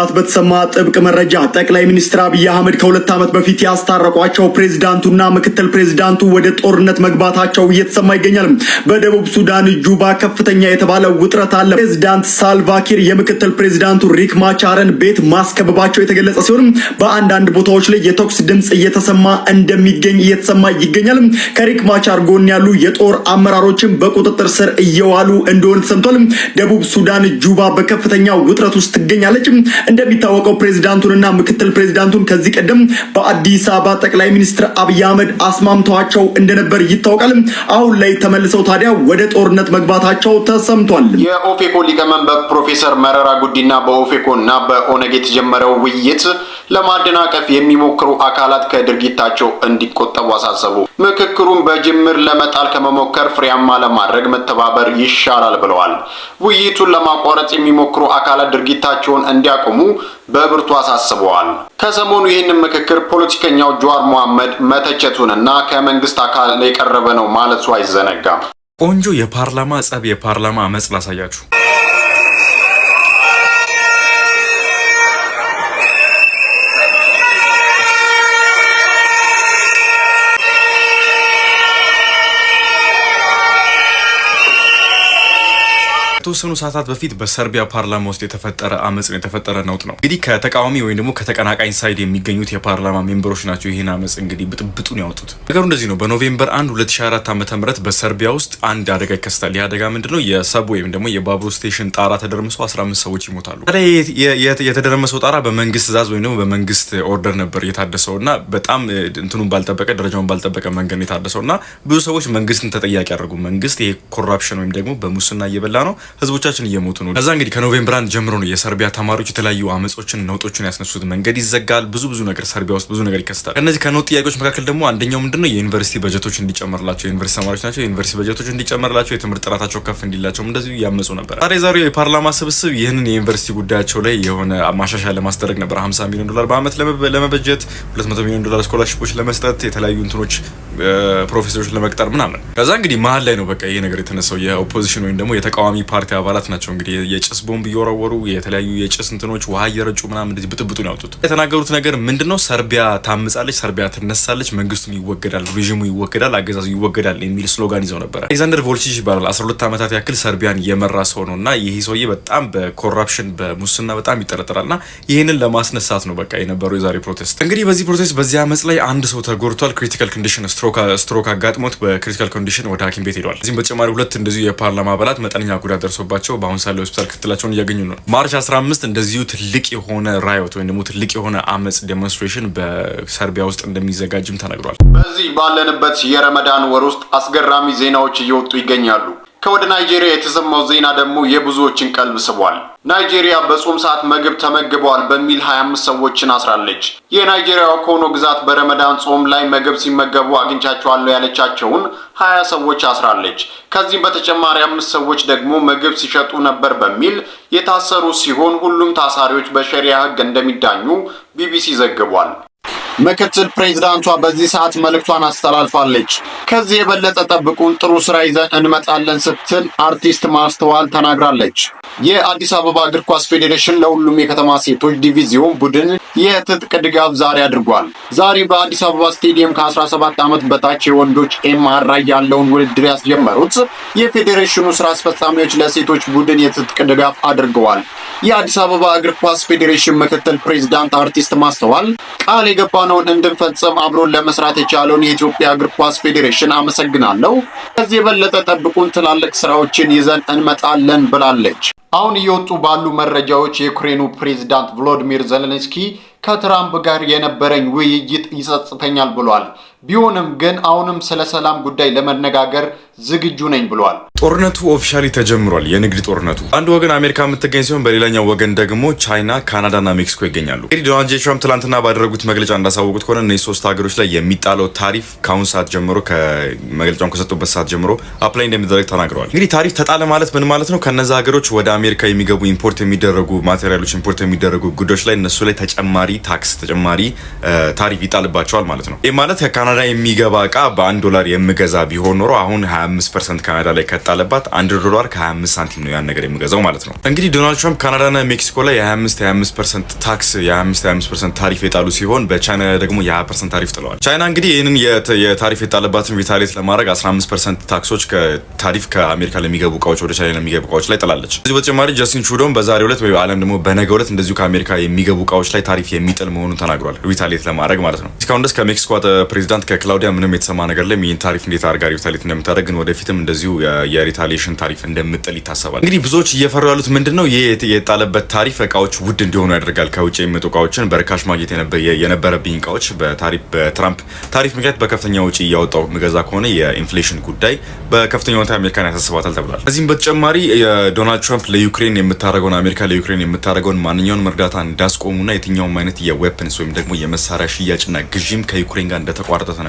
ሰዓት በተሰማ ጥብቅ መረጃ ጠቅላይ ሚኒስትር አብይ አህመድ ከሁለት ዓመት በፊት ያስታረቋቸው ፕሬዚዳንቱና ምክትል ፕሬዚዳንቱ ወደ ጦርነት መግባታቸው እየተሰማ ይገኛል። በደቡብ ሱዳን ጁባ ከፍተኛ የተባለ ውጥረት አለ። ፕሬዚዳንት ሳልቫኪር የምክትል ፕሬዚዳንቱ ሪክ ማቻርን ቤት ማስከበባቸው የተገለጸ ሲሆን በአንዳንድ ቦታዎች ላይ የተኩስ ድምፅ እየተሰማ እንደሚገኝ እየተሰማ ይገኛል። ከሪክ ማቻር ጎን ያሉ የጦር አመራሮችን በቁጥጥር ስር እየዋሉ እንደሆነ ተሰምቷል። ደቡብ ሱዳን ጁባ በከፍተኛ ውጥረት ውስጥ ትገኛለች። እንደሚታወቀው ፕሬዚዳንቱንና ምክትል ፕሬዚዳንቱን ከዚህ ቀደም በአዲስ አበባ ጠቅላይ ሚኒስትር አብይ አህመድ አስማምተዋቸው እንደነበር ይታወቃል። አሁን ላይ ተመልሰው ታዲያ ወደ ጦርነት መግባታቸው ተሰምቷል። የኦፌኮ ሊቀመንበር ፕሮፌሰር መረራ ጉዲና በኦፌኮ እና በኦነግ የተጀመረው ውይይት ለማደናቀፍ የሚሞክሩ አካላት ከድርጊታቸው እንዲቆጠቡ አሳሰቡ። ምክክሩን በጅምር ለመጣል ከመሞከር ፍሬያማ ለማድረግ መተባበር ይሻላል ብለዋል። ውይይቱን ለማቋረጥ የሚሞክሩ አካላት ድርጊታቸውን እንዲያቆሙ በብርቱ አሳስበዋል። ከሰሞኑ ይህንን ምክክር ፖለቲከኛው ጀዋር መሐመድ መተቸቱንና ከመንግስት አካል የቀረበ ነው ማለቱ አይዘነጋም። ቆንጆ የፓርላማ ጸብ፣ የፓርላማ አመጽ ላሳያችሁ። ከተወሰኑ ሰዓታት በፊት በሰርቢያ ፓርላማ ውስጥ የተፈጠረ ነው የተፈጠረ ነውጥ ነው። እንግዲህ ከተቃዋሚ ወይም ደግሞ ከተቀናቃኝ ሳይድ የሚገኙት የፓርላማ ሜምበሮች ናቸው ይህን አመፅ እንግዲህ ብጥብጡን ያወጡት። ነገሩ እንደዚህ ነው። በኖቬምበር 1 2004 ዓ ም በሰርቢያ ውስጥ አንድ አደጋ ይከሰታል። ይህ አደጋ ምንድን ነው? የሰብ ወይም ደግሞ የባቡር ስቴሽን ጣራ ተደርምሶ 15 ሰዎች ይሞታሉ። ታዲያ የተደረመሰው ጣራ በመንግስት ትእዛዝ ወይም ደግሞ በመንግስት ኦርደር ነበር የታደሰው እና በጣም እንትኑን ባልጠበቀ ደረጃውን ባልጠበቀ መንገድ ነው የታደሰው እና ብዙ ሰዎች መንግስትን ተጠያቂ ያደርጉ መንግስት ይሄ ኮራፕሽን ወይም ደግሞ በሙስና እየበላ ነው ህዝቦቻችን እየሞቱ ነው። ከዛ እንግዲህ ከኖቬምበር አንድ ጀምሮ ነው የሰርቢያ ተማሪዎች የተለያዩ አመጾችን፣ ነውጦችን ያስነሱት። መንገድ ይዘጋል፣ ብዙ ብዙ ነገር ሰርቢያ ውስጥ ብዙ ነገር ይከስታል። ከነዚህ ከነውጥ ጥያቄዎች መካከል ደግሞ አንደኛው ምንድነው የዩኒቨርሲቲ በጀቶች እንዲጨመርላቸው፣ የዩኒቨርሲቲ ተማሪዎች ናቸው፣ የዩኒቨርሲቲ በጀቶች እንዲጨመርላቸው፣ የትምህርት ጥራታቸው ከፍ እንዲላቸው እንደዚሁ ያመፁ ነበር። ዛሬ የዛሬው የፓርላማ ስብስብ ይህንን የዩኒቨርሲቲ ጉዳያቸው ላይ የሆነ ማሻሻያ ለማስደረግ ነበር 50 ሚሊዮን ዶላር በአመት ለመበጀት 200 ሚሊዮን ዶላር ስኮላርሽፖች ለመስጠት የተለያዩ እንትኖች ፕሮፌሰሮች ለመቅጠር ምናምን። ከዛ እንግዲህ መሀል ላይ ነው በቃ ይሄ ነገር የተነሳው የኦፖዚሽን ወይም ደግሞ የተቃዋሚ ፓርቲ ፓርቲ አባላት ናቸው እንግዲህ የጭስ ቦምብ እየወረወሩ የተለያዩ የጭስ እንትኖች ውሃ እየረጩ ምናምን እንደዚህ ብጥብጡን ያውጡት። የተናገሩት ነገር ምንድን ነው? ሰርቢያ ታምጻለች፣ ሰርቢያ ትነሳለች፣ መንግስቱም ይወገዳል፣ ሬዥሙ ይወገዳል፣ አገዛዙ ይወገዳል የሚል ስሎጋን ይዘው ነበረ። አሌክዛንደር ቮልቺች ይባላል። 12 ዓመታት ያክል ሰርቢያን የመራ ሰው ነው እና ይህ ሰውዬ በጣም በኮራፕሽን በሙስና በጣም ይጠረጠራል እና ይህንን ለማስነሳት ነው በቃ የነበረው የዛሬ ፕሮቴስት። እንግዲህ በዚህ ፕሮቴስት በዚህ አመፅ ላይ አንድ ሰው ተጎድቷል። ክሪቲካል ኮንዲሽን ስትሮክ አጋጥሞት በክሪቲካል ኮንዲሽን ወደ ሐኪም ቤት ሄዷል። እዚህም በተጨማሪ ሁለት እንደዚሁ የፓርላማ አባላት መጠነኛ ጉዳት ደርሶባቸው በአሁን ሰዓት ሆስፒታል ክትላቸውን እያገኙ ነው። ማርች 15 እንደዚሁ ትልቅ የሆነ ራዮት ወይም ደግሞ ትልቅ የሆነ አመፅ ዴሞንስትሬሽን በሰርቢያ ውስጥ እንደሚዘጋጅም ተነግሯል። በዚህ ባለንበት የረመዳን ወር ውስጥ አስገራሚ ዜናዎች እየወጡ ይገኛሉ። ከወደ ናይጄሪያ የተሰማው ዜና ደግሞ የብዙዎችን ቀልብ ስቧል። ናይጄሪያ በጾም ሰዓት ምግብ ተመግበዋል በሚል 25 ሰዎችን አስራለች። የናይጄሪያው ኮኖ ግዛት በረመዳን ጾም ላይ ምግብ ሲመገቡ አግኝቻቸዋለሁ ያለቻቸውን ሀያ ሰዎች አስራለች። ከዚህም በተጨማሪ አምስት ሰዎች ደግሞ ምግብ ሲሸጡ ነበር በሚል የታሰሩ ሲሆን ሁሉም ታሳሪዎች በሸሪያ ሕግ እንደሚዳኙ ቢቢሲ ዘግቧል። ምክትል ፕሬዚዳንቷ በዚህ ሰዓት መልእክቷን አስተላልፋለች። ከዚህ የበለጠ ጠብቁን፣ ጥሩ ስራ ይዘን እንመጣለን ስትል አርቲስት ማስተዋል ተናግራለች። የአዲስ አበባ እግር ኳስ ፌዴሬሽን ለሁሉም የከተማ ሴቶች ዲቪዚዮን ቡድን የትጥቅ ድጋፍ ዛሬ አድርጓል። ዛሬ በአዲስ አበባ ስቴዲየም ከ17 ዓመት በታች የወንዶች ኤም ያለውን ውድድር ያስጀመሩት የፌዴሬሽኑ ስራ አስፈጻሚዎች ለሴቶች ቡድን የትጥቅ ድጋፍ አድርገዋል። የአዲስ አበባ እግር ኳስ ፌዴሬሽን ምክትል ፕሬዚዳንት አርቲስት ማስተዋል ቃል የገባነውን እንድንፈጽም አብሮን ለመስራት የቻለውን የኢትዮጵያ እግር ኳስ ፌዴሬሽን አመሰግናለሁ። ከዚህ የበለጠ ጠብቁን፣ ትላልቅ ስራዎችን ይዘን እንመጣለን ብላለች። አሁን እየወጡ ባሉ መረጃዎች የዩክሬኑ ፕሬዚዳንት ቮሎዲሚር ዘለንስኪ ከትራምፕ ጋር የነበረኝ ውይይት ይጸጽተኛል ብሏል። ቢሆንም ግን አሁንም ስለ ሰላም ጉዳይ ለመነጋገር ዝግጁ ነኝ ብሏል። ጦርነቱ ኦፊሻሊ ተጀምሯል። የንግድ ጦርነቱ አንድ ወገን አሜሪካ የምትገኝ ሲሆን በሌላኛው ወገን ደግሞ ቻይና፣ ካናዳና ሜክሲኮ ይገኛሉ። እንግዲህ ዶናልድ ጄ ትራምፕ ትላንትና ባደረጉት መግለጫ እንዳሳወቁት ከሆነ እነዚህ ሶስት ሀገሮች ላይ የሚጣለው ታሪፍ ከአሁን ሰዓት ጀምሮ መግለጫውን ከሰጡበት ሰዓት ጀምሮ አፕላይ እንደሚደረግ ተናግረዋል። እንግዲህ ታሪፍ ተጣለ ማለት ምን ማለት ነው? ከነዚ ሀገሮች ወደ አሜሪካ የሚገቡ ኢምፖርት የሚደረጉ ማቴሪያሎች፣ ኢምፖርት የሚደረጉ ጉዳዮች ላይ እነሱ ላይ ተጨማሪ ታክስ ተጨማሪ ታሪፍ ይጣልባቸዋል ማለት ነው። ይህ ማለት ከካናዳ የሚገባ እቃ በአንድ ዶላር የምገዛ ቢሆን ኖሮ አሁን 25 ፐርሰንት ካናዳ ላይ ከጣለባት አንድ ዶላር ከ25 ሳንቲም ነው ያን ነገር የሚገዛው ማለት ነው። እንግዲህ ዶናልድ ትራምፕ ካናዳና ሜክሲኮ ላይ የ25 25 ፐርሰንት ታክስ የ25 25 ፐርሰንት ታሪፍ የጣሉ ሲሆን በቻይና ላይ ደግሞ የ20 ፐርሰንት ታሪፍ ጥለዋል። ቻይና እንግዲህ ይህንን የታሪፍ የጣለባትን ቪታሌት ለማድረግ 15 ፐርሰንት ታክሶች ታሪፍ ከአሜሪካ ለሚገቡ እቃዎች ወደ ቻይና ለሚገቡ እቃዎች ላይ ጥላለች። ከዚህ በተጨማሪ ጀስቲን ትሩዶም በዛሬው ዕለት ወይ ዓለም ደግሞ በነገው ዕለት እንደዚሁ ከአሜሪካ የሚገቡ እቃዎች ላይ ታሪፍ የሚጥል መሆኑን ተናግሯል። ሪታሌት ለማድረግ ማለት ነው። እስካሁን ድረስ ከሜክሲኮ ፕሬዚዳንት ከክላውዲያ ምንም የተሰማ ነገር ላይ ይህን ታሪፍ እንዴት አድርጋ ሪታሌት እንደምታደረግ ወደፊትም እንደዚሁ የሪታሊሽን ታሪፍ እንደምጥል ይታሰባል። እንግዲህ ብዙዎች እየፈሩ ያሉት ምንድን ነው? ይህ የጣለበት ታሪፍ እቃዎች ውድ እንዲሆኑ ያደርጋል። ከውጭ የሚመጡ እቃዎችን በርካሽ ማግኘት የነበረብኝ እቃዎች በትራምፕ ታሪፍ ምክንያት በከፍተኛ ውጪ እያወጣው ምገዛ ከሆነ የኢንፍሌሽን ጉዳይ በከፍተኛ ሁኔታ አሜሪካን ያሳስባታል ተብሏል። ከዚህም በተጨማሪ ዶናልድ ትራምፕ ለዩክሬን የምታደረገውን አሜሪካ ለዩክሬን የምታደረገውን ማንኛውንም እርዳታ እንዳስቆሙና የትኛውም አይነት የዌፕንስ ወይም ደግሞ የመሳሪያ ሽያጭና ግዥም ከዩክሬን ጋር እንደተቋረጠ ነው